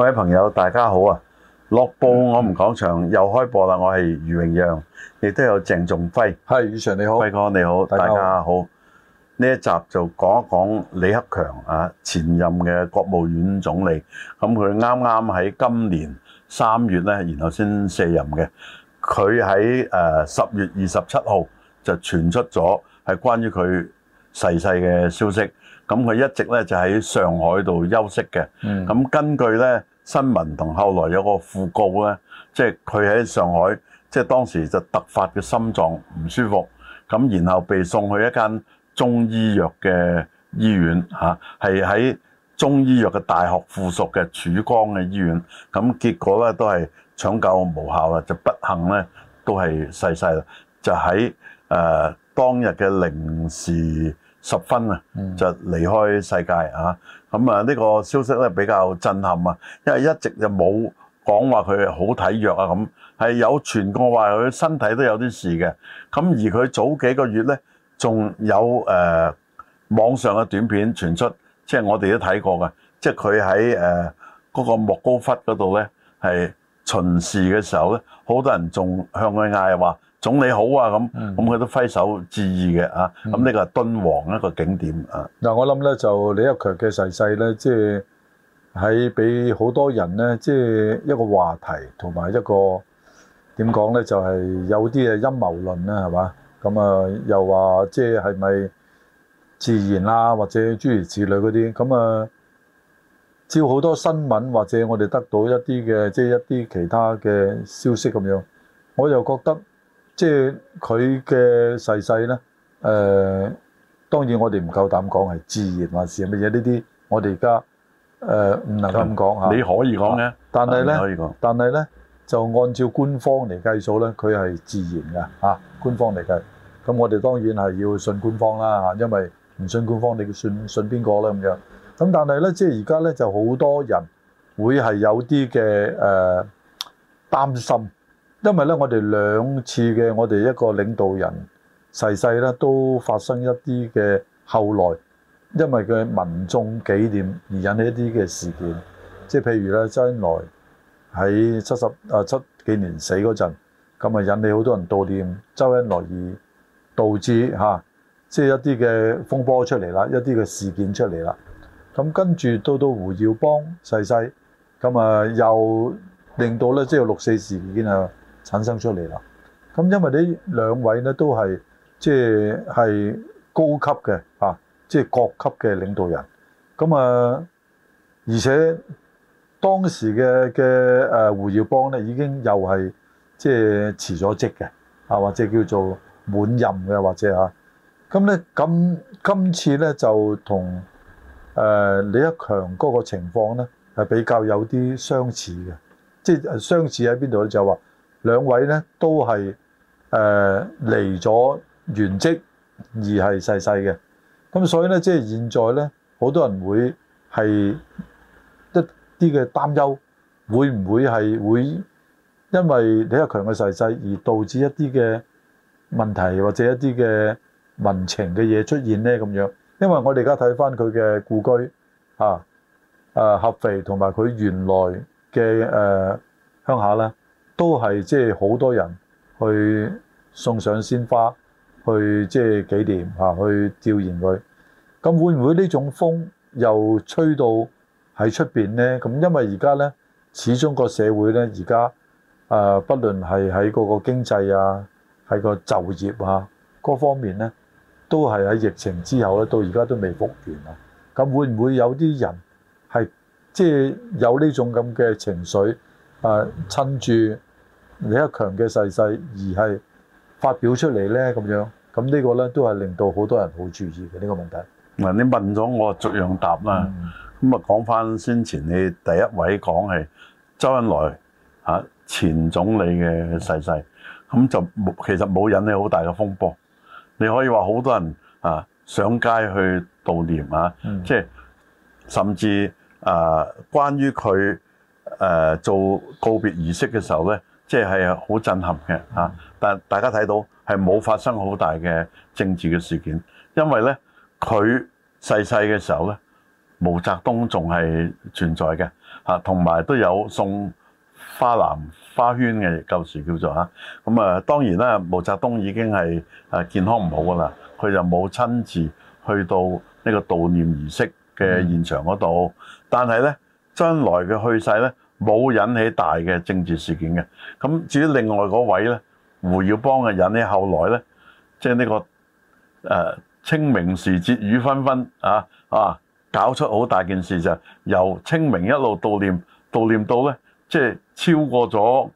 各位朋友，大家好啊！樂報，我唔講場，又開播啦。我係余榮讓，亦都有鄭仲輝。係余常你好，輝哥你好，大家好。呢一集就講一講李克強啊，前任嘅國務院總理。咁佢啱啱喺今年三月咧，然後先卸任嘅。佢喺誒十月二十七號就傳出咗係關於佢逝世嘅消息。咁佢一直咧就喺上海度休息嘅。嗯。咁根據咧。新聞同後來有個訃告咧，即係佢喺上海，即、就、係、是、當時就突發嘅心臟唔舒服，咁然後被送去一間中醫藥嘅醫院，係喺中醫藥嘅大學附屬嘅曙光嘅醫院，咁結果咧都係搶救無效啦，就不幸咧都係逝世啦，就喺誒、呃、當日嘅零時十分啊，就離開世界、嗯嗯咁啊，呢個消息咧比較震撼啊，因為一直就冇講話佢好體弱啊，咁係有傳過話佢身體都有啲事嘅。咁而佢早幾個月咧，仲有誒網上嘅短片傳出，即係我哋都睇過嘅，即係佢喺誒嗰個莫高窟嗰度咧，係巡視嘅時候咧，好多人仲向佢嗌話，總理好啊，咁咁佢都揮手致意嘅啊。咁、嗯、呢個係敦煌一個景點啊、嗯。嗱、嗯，我諗咧就李克強嘅逝世咧，即係喺俾好多人咧，即、就、係、是、一個話題同埋一個點講咧，就係、是、有啲嘅陰謀論啦，係嘛？咁啊又話即係咪自然啦、啊，或者諸如此類嗰啲咁啊，照好多新聞或者我哋得到一啲嘅即係一啲其他嘅消息咁樣，我又覺得。即係佢嘅逝世咧，誒、呃、當然我哋唔夠膽講係自然還是乜嘢呢啲，我哋而家誒唔能夠咁講嚇。你可以講嘅、啊，但係咧，但係咧就按照官方嚟計數咧，佢係自然嘅嚇、啊。官方嚟計，咁我哋當然係要信官方啦嚇，因為唔信官方，你信信邊個咧咁樣？咁但係咧，即係而家咧就好多人會係有啲嘅誒擔心，因為咧，我哋兩次嘅我哋一個領導人逝世咧，小小都發生一啲嘅後來，因為佢民眾紀念而引起一啲嘅事件。即係譬如咧，周恩來喺七十啊七幾年死嗰陣，咁啊引起好多人悼念周恩來，而導致嚇即係、啊即係、一啲嘅風波出嚟啦，一啲嘅事件出嚟啦。咁跟住到到胡耀邦逝世，咁啊又令到咧即係六四事件啊～產生出嚟啦，咁因為呢兩位呢都係即係高級嘅嚇，即係各級嘅領導人，咁啊而且當時嘅嘅誒胡耀邦呢已經又係即係辭咗職嘅啊，或者叫做滿任嘅或者嚇，咁咧咁今次咧就同誒、啊、李克強嗰個情況咧係比較有啲相似嘅，即係相似喺邊度咧就係話，兩位咧都係誒、呃、離咗原職而係逝世嘅，咁所以咧即係現在咧好多人會係一啲嘅擔憂，會唔會係會因為李克強嘅逝世，世而導致一啲嘅問題或者一啲嘅民情嘅嘢出現咧咁樣？因為我哋而家睇翻佢嘅故居啊，誒合肥同埋佢原來嘅誒、呃、鄉下咧。都係即係好多人去送上鮮花，去即係紀念嚇、啊，去悼念佢。咁會唔會呢種風又吹到喺出邊呢？咁因為而家呢，始終個社會呢，而家啊，不論係喺個經濟啊，喺個就業啊各方面呢，都係喺疫情之後咧，到而家都未復原啊。咁會唔會有啲人係即係有呢種咁嘅情緒啊？趁住。李克強嘅逝世而係發表出嚟咧，咁樣，咁呢個咧都係令到好多人好注意嘅呢、呢個問題。嗱，你問咗我，逐樣答啦。咁啊，講翻先前你第一位講係周恩來、啊、前總理嘅逝世，咁、嗯、就冇其實冇引起好大嘅風波。你可以話好多人啊上街去悼念啊，嗯、即係甚至啊關於佢、啊、做告別儀式嘅時候咧。即係好震撼嘅嚇、啊，但大家睇到係冇發生好大嘅政治嘅事件，因為呢，佢逝世嘅時候呢，毛澤東仲係存在嘅嚇，同埋都有送花籃花圈嘅舊時叫做嚇。咁啊，當然啦，毛澤東已經係健康唔好噶啦，佢就冇親自去到呢個悼念儀式嘅現場嗰度、嗯。但係呢，將來嘅去世呢。冇引起大嘅政治事件嘅，咁至於另外嗰位咧，胡耀邦嘅，引起後來咧，即係呢個誒、呃、清明時節雨紛紛啊啊，搞出好大件事就是、由清明一路悼念悼念到咧，即、就、係、是、超過咗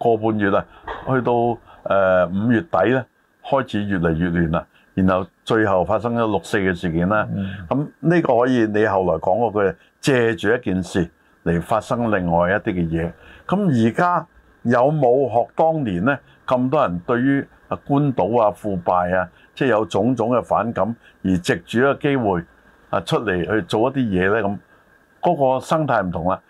個半月啦，去到誒、呃、五月底咧，開始越嚟越亂啦，然後最後發生咗六四嘅事件啦。咁呢個可以你後來講嗰句借住一件事。嚟發生另外一啲嘅嘢，咁而家有冇學當年呢？咁多人對於啊官倒啊腐敗啊，即係有種種嘅反感而藉住一個機會啊出嚟去做一啲嘢呢？咁嗰個生態唔同啦。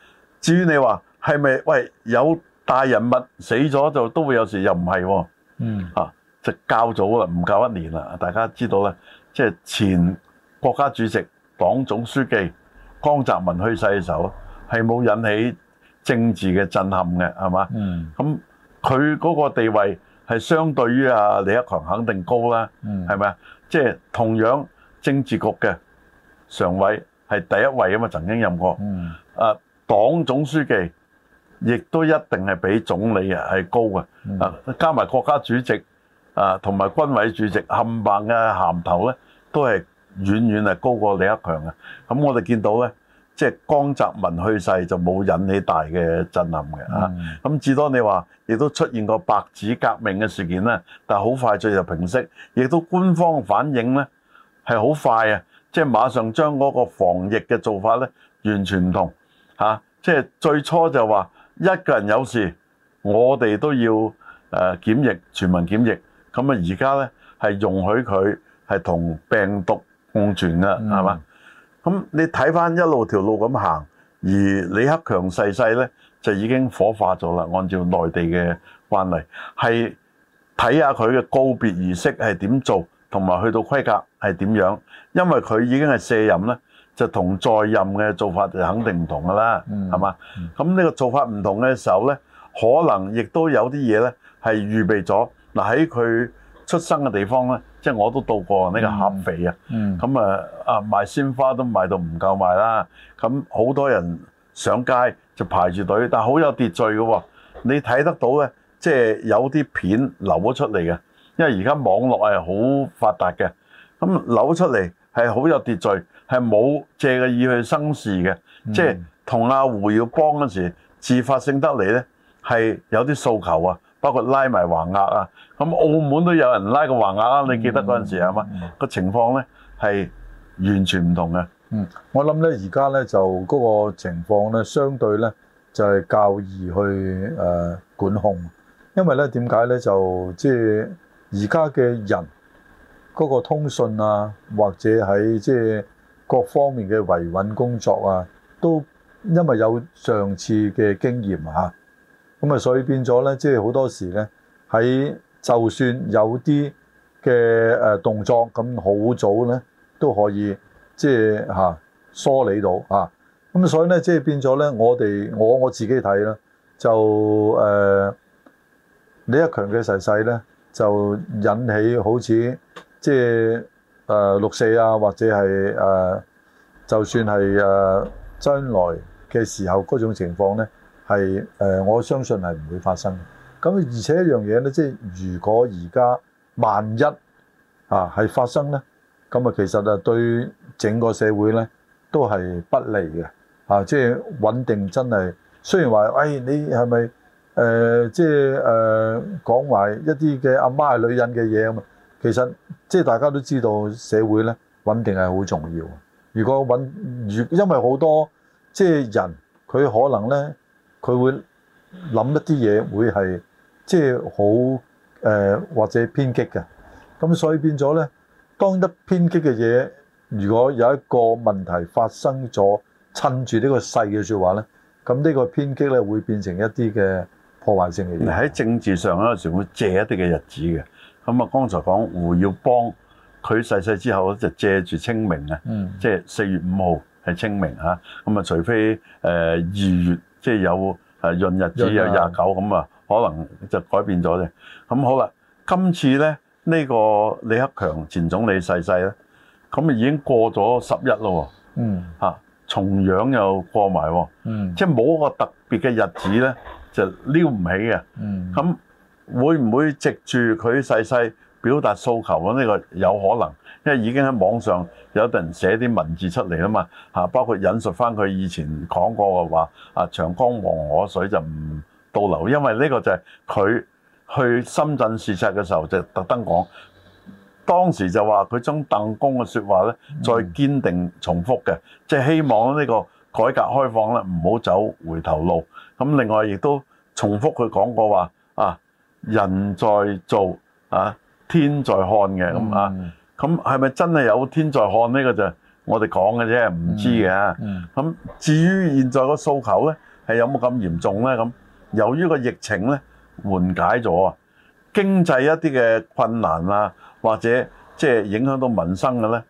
至於你話係咪喂有大人物死咗就都會有時，又唔係。嗯，啊，就較早啦，唔夠一年啦，大家知道啦，即係前國家主席、黨總書記江澤民去世嘅時候。係冇引起政治嘅震撼嘅，係嘛？咁佢嗰個地位係相對於啊李克強肯定高啦，係咪啊？即係同樣政治局嘅常委係第一位啊嘛，曾經任過。啊，黨總書記亦都一定係比總理啊係高嘅。啊，加埋國家主席啊同埋軍委主席冚唪唥嘅銜頭咧，都係遠遠係高過李克強嘅。咁我哋見到咧。即、就、係、是、江澤民去世就冇引起大嘅震撼嘅。咁、啊嗯、至多你話亦都出現過白紙革命嘅事件咧，但係好快就平息，亦都官方反應咧係好快啊！即、就、係、是、馬上將嗰個防疫嘅做法咧完全唔同。即係、啊就是、最初就話一個人有事，我哋都要誒檢疫全民檢疫，咁啊而家咧係容許佢係同病毒共存啊，嘛、嗯？咁你睇翻一路條路咁行，而李克強逝世呢就已經火化咗啦。按照內地嘅慣例，係睇下佢嘅告別儀式係點做，同埋去到規格係點樣。因為佢已經係卸任呢，就同在任嘅做法就肯定唔同噶啦，係、嗯、嘛？咁呢個做法唔同嘅時候呢，可能亦都有啲嘢呢係預備咗嗱喺佢。在他出生嘅地方咧，即係我都到過呢、那個合肥、嗯嗯、啊。咁啊，啊賣鮮花都賣到唔夠賣啦。咁好多人上街就排住隊，但係好有秩序嘅喎。你睇得到咧，即係有啲片流咗出嚟嘅，因為而家網絡係好發達嘅。咁流出嚟係好有秩序，係冇借個意去生事嘅、嗯。即係同阿胡耀邦嗰時自發性得嚟咧，係有啲訴求啊。包括拉埋橫額啊，咁澳門都有人拉個橫額啊。你記得嗰陣時係嘛？嗯嗯、情個情況咧係完全唔同嘅。我諗咧而家咧就嗰個情況咧，相對咧就係較易去誒管控，因為咧點解咧就即係而家嘅人嗰個通訊啊，或者喺即係各方面嘅維穩工作啊，都因為有上次嘅經驗嚇、啊。咁啊，所以變咗咧，即係好多時咧，喺就算有啲嘅誒動作，咁好早咧，都可以即係嚇梳理到咁、啊、所以咧，即係變咗咧，我哋我我自己睇啦，就誒李克強嘅逝世咧，就引起好似即係誒、啊、六四啊，或者係誒、啊，就算係誒、啊、將來嘅時候嗰種情況咧。係誒、呃，我相信係唔會發生嘅。咁而且一樣嘢咧，即係如果而家萬一啊係發生咧，咁啊其實啊對整個社會咧都係不利嘅。啊，即係穩定真係雖然話誒、哎，你係咪誒即係誒講埋一啲嘅阿媽係女人嘅嘢咁嘛？其實即係大家都知道社會咧穩定係好重要。如果穩，如因為好多即係人佢可能咧。佢會諗一啲嘢會係即係好誒或者偏激嘅，咁所以變咗咧，當一偏激嘅嘢，如果有一個問題發生咗，趁住呢個勢嘅説話咧，咁呢個偏激咧會變成一啲嘅破壞性嘅嘢。喺政治上咧，有時候會借一啲嘅日子嘅。咁啊，剛才講胡耀邦，佢逝世之後就借住清明啊，即係四月五號係清明嚇。咁啊，除非誒二、呃、月。即係有誒閏日子有廿九咁啊，29，可能就改變咗啫。咁好啦，今次咧呢、呢個李克強前總理逝世咧，咁啊已經過咗十一咯喎。嗯。嚇、啊，重陽又過埋喎。嗯。即係冇一個特別嘅日子咧，就撩唔起嘅。嗯。咁會唔會藉住佢逝世表達訴求啊？呢、呢個有可能。因為已經喺網上有啲人寫啲文字出嚟啦嘛，嚇、包括引述翻佢以前講過嘅話，啊長江黃河水就唔倒流，因為呢個就係佢去深圳視察嘅時候就特登講，當時就話佢將鄧公嘅説話呢再堅定重複嘅，即係、嗯、希望呢個改革開放咧唔好走回頭路。咁另外亦都重複佢講過話啊，人在做啊天在看嘅咁啊。嗯。咁係咪真係有天在看呢？呢個就我哋講嘅啫，唔知嘅嚇。咁、嗯嗯、至於現在個訴求呢，係有冇咁嚴重呢？咁由於個疫情呢，緩解咗啊，經濟一啲嘅困難啊，或者即係影響到民生嘅呢，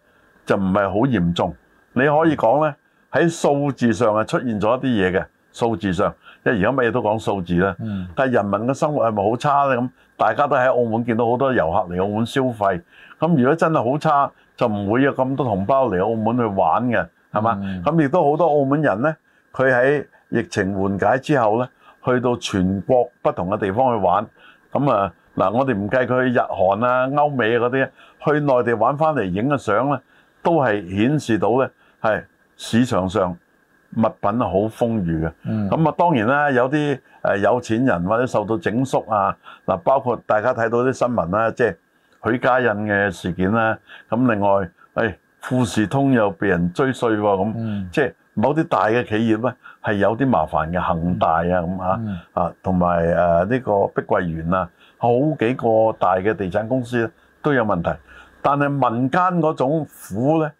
就唔係好嚴重。你可以講呢，喺數字上係出現咗一啲嘢嘅數字上。即係而家乜嘢都講數字啦，但係人民嘅生活係咪好差咧咁？大家都喺澳門見到好多遊客嚟澳門消費，咁如果真係好差，就唔會有咁多同胞嚟澳門去玩嘅，係嘛？咁亦都好多澳門人咧，佢喺疫情緩解之後咧，去到全國不同嘅地方去玩，咁啊嗱，我哋唔計佢去日韓啊、歐美啊嗰啲，去內地玩翻嚟影嘅相咧，都係顯示到咧，係市場上，物品好豐裕，咁啊當然啦，有啲有錢人或者受到整縮肅啊。嗱，包括大家睇到啲新聞啦，即係許家印嘅事件啦。咁另外，誒、哎、富士通又被人追稅喎，咁即係某啲大嘅企業咧係有啲麻煩嘅，恒大啊咁啊啊，同埋誒呢個碧桂園啊，好幾個大嘅地產公司都有問題。但係民間嗰種苦咧，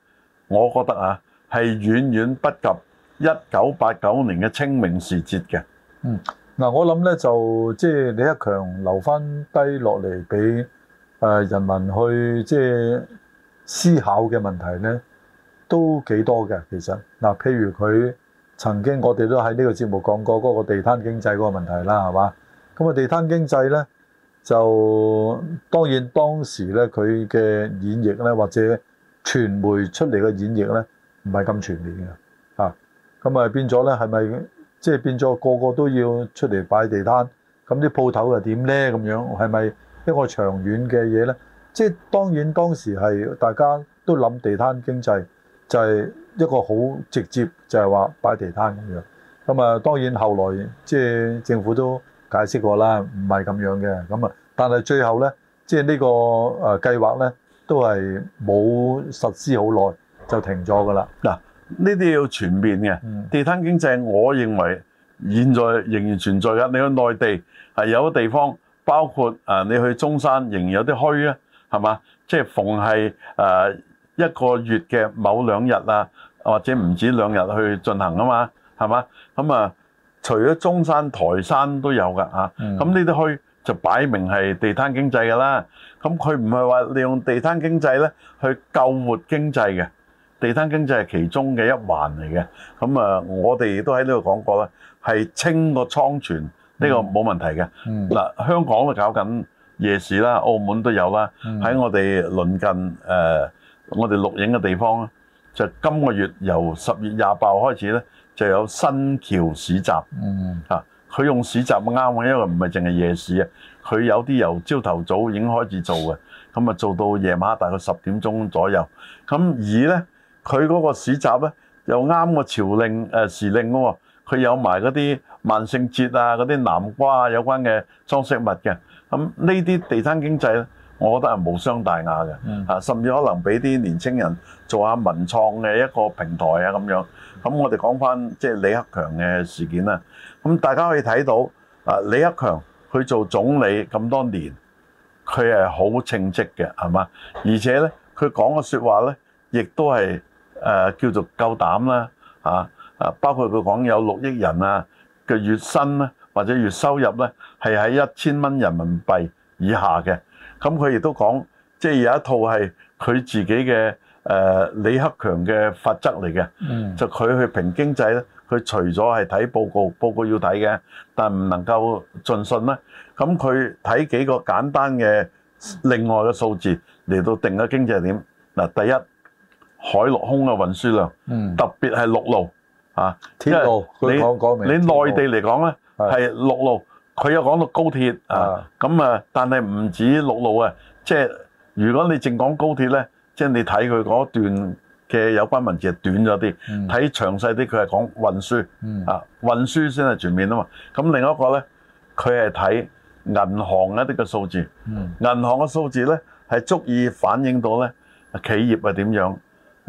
我覺得啊係遠遠不及。一九八九年嘅清明時節嘅，嗯，嗱、啊、我諗咧就即係李克強留翻低落嚟俾誒人民去即係、就是、思考嘅問題咧，都幾多嘅其實，嗱、啊、譬如佢曾經我哋都喺呢個節目講過嗰、那個地攤經濟嗰個問題啦，係嘛？咁啊地攤經濟咧就當然當時咧佢嘅演繹咧或者傳媒出嚟嘅演繹咧唔係咁全面嘅啊。咁啊變咗咧，係咪即係變咗個個都要出嚟擺地攤？咁啲鋪頭又點咧？咁樣係咪一個長遠嘅嘢咧？即係當然當時係大家都諗地攤經濟，就係一個好直接，就係話擺地攤咁樣。咁啊，當然後來即係政府都解釋過啦，唔係咁樣嘅。咁啊，但係最後咧，即係呢個誒計劃咧，都係冇實施好耐就停咗噶啦。嗱。呢啲要全面嘅地攤經濟，我認為現在仍然存在噶。你去內地係有個地方，包括啊，你去中山仍然有啲墟啊，係嘛？即係逢係誒一個月嘅某兩日啊，或者唔止兩日去進行啊嘛，係嘛？咁啊，除咗中山、台山都有噶啊，咁呢啲墟就擺明係地攤經濟噶啦。咁佢唔係話利用地攤經濟咧去救活經濟嘅。地攤經濟係其中嘅一環嚟嘅，咁啊，我哋亦都喺呢度講過啦，係、嗯、清、個倉存呢個冇問題嘅。嗱、嗯，香港都搞緊夜市啦，澳門都有啦，喺我哋鄰近誒、呃、我哋錄影嘅地方咧，就今個月由十月廿八號開始咧，就有新橋市集。啊、嗯，佢用市集啱啊，因為唔係淨係夜市啊，佢有啲由朝頭早已經開始做嘅，咁啊做到夜晚大概十點鐘左右。咁以咧。佢嗰個市集咧，又啱個朝令誒時令噶喎、哦，佢有埋嗰啲萬聖節啊、嗰啲南瓜、啊、有關嘅裝飾物嘅。咁呢啲地攤經濟咧，我覺得係無傷大雅嘅、啊，甚至可能俾啲年青人做下文創嘅一個平台啊咁樣。咁、嗯嗯嗯、我哋講翻即係李克強嘅事件啦。咁、嗯、大家可以睇到啊，李克強佢做總理咁多年，佢係好稱職嘅，係嘛？而且咧，佢講嘅說話咧，亦都係。誒叫做夠膽啦，嚇！啊，包括佢講有六億人啊嘅月薪咧，或者月收入咧，係喺一千蚊人民幣以下嘅。咁佢亦都講，即係有一套係佢自己嘅誒李克強嘅法則嚟嘅。嗯。就佢去評經濟咧，佢除咗係睇報告，報告要睇嘅，但係唔能夠盡信啦。咁佢睇幾個簡單嘅另外嘅數字嚟到定個經濟點嗱，第一。海陸空嘅運輸量，特別係陸路啊，即係你你內地嚟講咧，係陸路，佢又講到高鐵啊，咁啊，但係唔止陸路啊，即係如果你淨講高鐵咧，即係你睇佢嗰段嘅有關文字係短咗啲，睇詳細啲佢係講運輸啊，運輸先係全面啊嘛。咁另一個咧，佢係睇銀行一啲嘅數字，銀行嘅數字咧係足以反映到咧企業係點樣，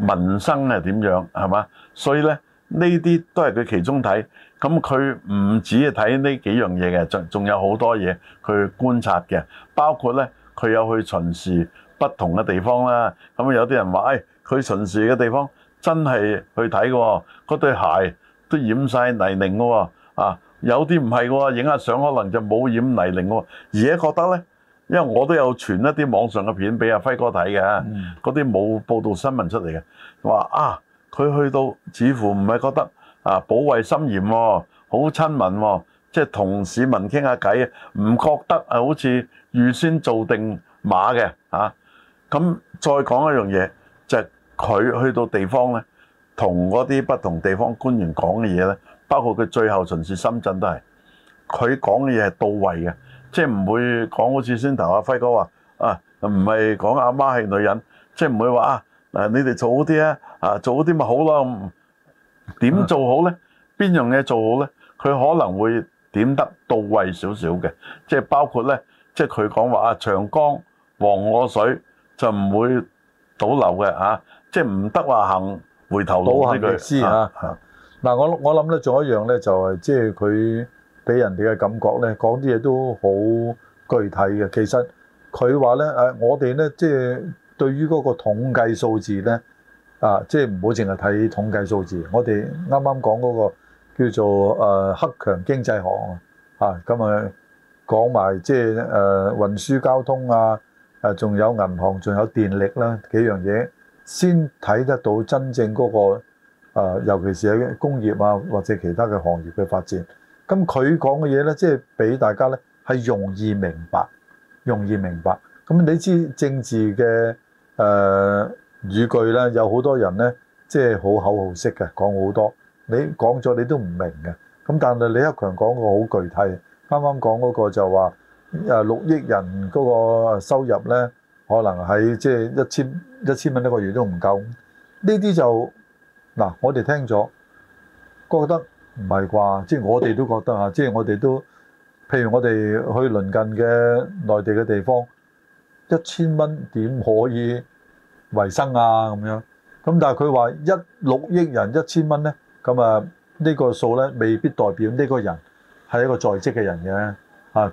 民生係點樣係嘛？所以咧，呢啲都係佢其中睇。咁佢唔止係睇呢幾樣嘢嘅，仲仲有好多嘢佢觀察嘅。包括咧，佢有去巡視不同嘅地方啦。咁有啲人話：誒、哎，佢巡視嘅地方真係去睇嘅喎，嗰對鞋都染晒泥濘嘅喎。啊，有啲唔係喎，影下相可能就冇染泥濘喎。而家覺得咧。因為我都有傳一啲網上嘅片俾阿輝哥睇嘅，嗰啲冇報道新聞出嚟嘅，話啊，佢去到似乎唔係覺得啊，保衞森嚴喎，好親民喎，即係同市民傾下偈，唔覺得啊，好似預先做定碼嘅。咁再講一樣嘢，就係，佢去到地方咧，同嗰啲不同地方官員講嘅嘢咧，包括佢最後巡視深圳都係，佢講嘅嘢係到位嘅。即係唔會講好似先頭阿輝哥話啊，唔係講阿媽係女人，即係唔會話啊你哋做好啲呀，啊，做好啲咪、啊、好，好咯。點做好咧？邊樣嘢做好咧？佢可能會點得到位少少嘅，即係包括咧，即係佢講話啊長江黃河水就唔會倒流嘅嚇，即係唔得話行回頭路呢句啊。嗱、啊啊，我我諗咧，仲有一樣咧，就係即係佢。俾人哋嘅感覺咧，講啲嘢都好具體嘅。其實佢話咧，誒我哋咧，即係對於嗰個統計數字咧，啊，即係唔好淨係睇統計數字。我哋啱啱講嗰個叫做誒、啊、克強經濟學啊，咁、啊、誒、啊、講埋即係誒運輸交通啊，誒、啊、仲有銀行，仲有電力啦、啊、幾樣嘢，先睇得到真正嗰個、啊、尤其是喺工業啊或者其他嘅行業嘅發展。咁佢講嘅嘢咧，即係俾大家咧係容易明白，容易明白。咁你知政治嘅誒語句咧，有好多人咧，即係好口號式嘅，講好多。你講咗你都唔明嘅。咁但係李克強講個好具體，啱啱講嗰個就話誒六億人嗰個收入咧，可能喺即係一千一千蚊一個月都唔夠。呢啲就嗱，我哋聽咗覺得。唔係啩？即係我哋都覺得啊，即係我哋都，譬如我哋去鄰近嘅內地嘅地方，一千蚊點可以維生啊咁樣？咁但係佢話一六億人一千蚊咧，咁啊呢個數咧未必代表呢個人係一個在職嘅人嘅啊，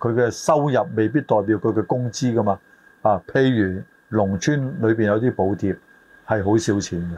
佢嘅收入未必代表佢嘅工資噶嘛啊，譬如農村裏面有啲補貼係好少錢嘅。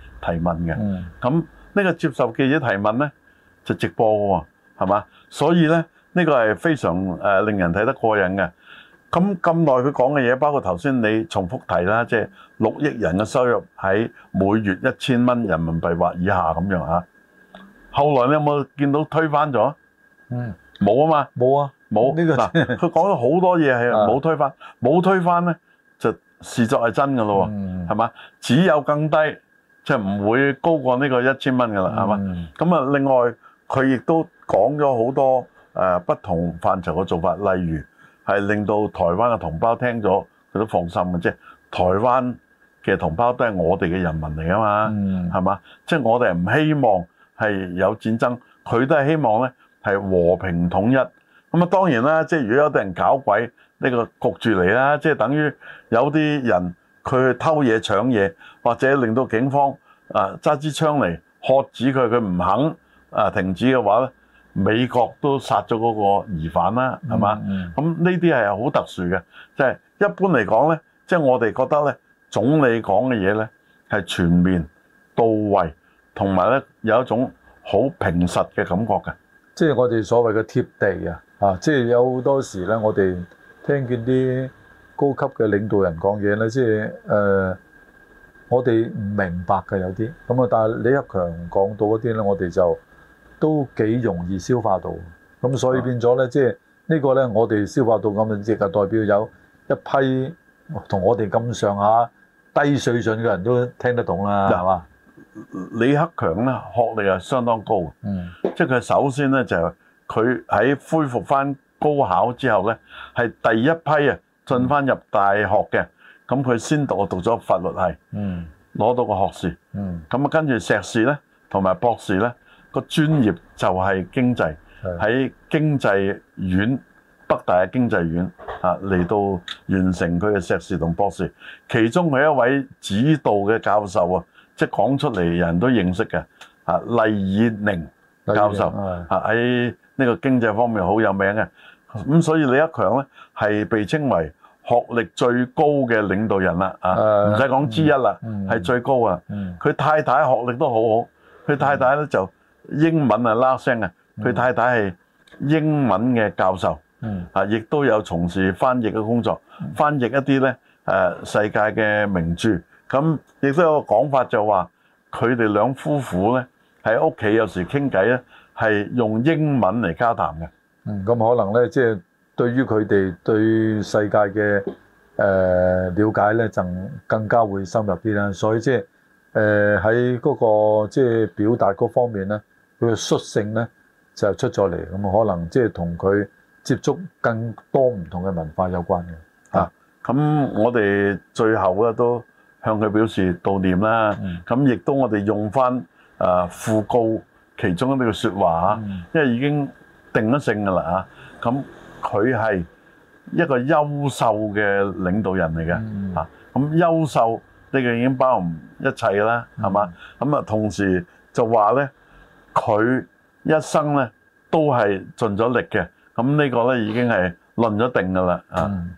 提問嘅，咁呢個接受記者提問咧就直播喎，係嘛？所以咧呢個係非常誒令人睇得過癮嘅。咁咁耐佢講嘅嘢，包括頭先你重複提啦，即係六億人嘅收入喺每月一千蚊人民幣或以下咁樣嚇。後來你有冇見到推翻咗？嗯，冇啊嘛，冇啊，冇。嗱，佢講咗好多嘢係冇推翻，冇推翻咧就視作係真嘅咯喎，係嘛？只有更低。即係唔會高過呢個一千蚊㗎啦，係嘛？咁啊，另外佢亦都講咗好多誒不同範疇嘅做法，例如係令到台灣嘅同胞聽咗佢都放心嘅。即係台灣嘅同胞都係我哋嘅人民嚟啊嘛，係嘛？嗯，即係我哋唔希望係有戰爭，佢都係希望咧係和平統一。咁啊，當然啦，即係如果有啲人搞鬼，呢個焗住嚟啦，即係等於有啲人。佢去偷嘢搶嘢，或者令到警方啊揸支槍嚟喝止佢，佢唔肯啊停止嘅話咧，美國都殺咗嗰個疑犯啦，係嘛？嗯，咁呢啲係好特殊嘅，即係一般嚟講咧，即係我哋覺得咧，總理講嘅嘢咧係全面到位，同埋咧有一種好平實嘅感覺嘅，即係我哋所謂嘅貼地啊，啊，即係有好多時咧，我哋聽見啲高級嘅領導人講嘢咧，即係誒，我哋唔明白嘅有啲，咁啊，但係李克強講到嗰啲咧，我哋就都幾容易消化到。咁所以變咗咧、嗯就是這個，即係呢個咧，我哋消化到咁樣，即係代表有一批同我哋咁上下低水準嘅人都聽得懂啦，係、嗯、嘛？李克強咧學歷啊相當高，嗯，即係佢首先咧就係佢喺恢復翻高考之後咧，係第一批啊。進翻入大學嘅，咁佢先讀讀咗法律系，攞到個學士，咁啊跟住碩士咧，同埋博士咧，個專業就係經濟，喺經濟院北大嘅經濟院啊嚟到完成佢嘅碩士同博士，其中有一位指導嘅教授啊，即係講出嚟人都認識嘅，啊厲以寧教授啊喺呢個經濟方面好有名嘅。咁所以李克強咧係被稱為學歷最高嘅領導人啦，啊，唔使講之一啦，係最高啊。佢太太學歷都好好，佢太太咧就英文啊拉聲啊，佢太太係英文嘅教授，啊，亦都有從事翻譯嘅工作，翻譯一啲咧誒世界嘅名著。咁亦都有個講法就話，佢哋兩夫婦咧喺屋企有時傾偈咧係用英文嚟交談嘅。嗯，咁可能咧，即、就、係、是、對於佢哋對世界嘅誒、呃、了解咧，就更加會深入啲啦。所以即係誒喺嗰個即係、就是、表達嗰方面咧，佢嘅率性咧就是、出咗嚟。咁可能即係同佢接觸更多唔同嘅文化有關嘅。咁、啊啊、我哋最後咧都向佢表示悼念啦。咁、嗯、亦都我哋用返誒、呃、訃告其中一啲個說話、嗯、因為已經。定咗性噶啦，咁佢係一個優秀嘅領導人嚟嘅。咁優秀呢、呢個已經包含一切啦，係嘛？咁、嗯、啊、嗯、同時就話咧，佢一生咧都係盡咗力嘅，咁、啊、呢、呢個咧已經係論咗定噶啦啊。嗯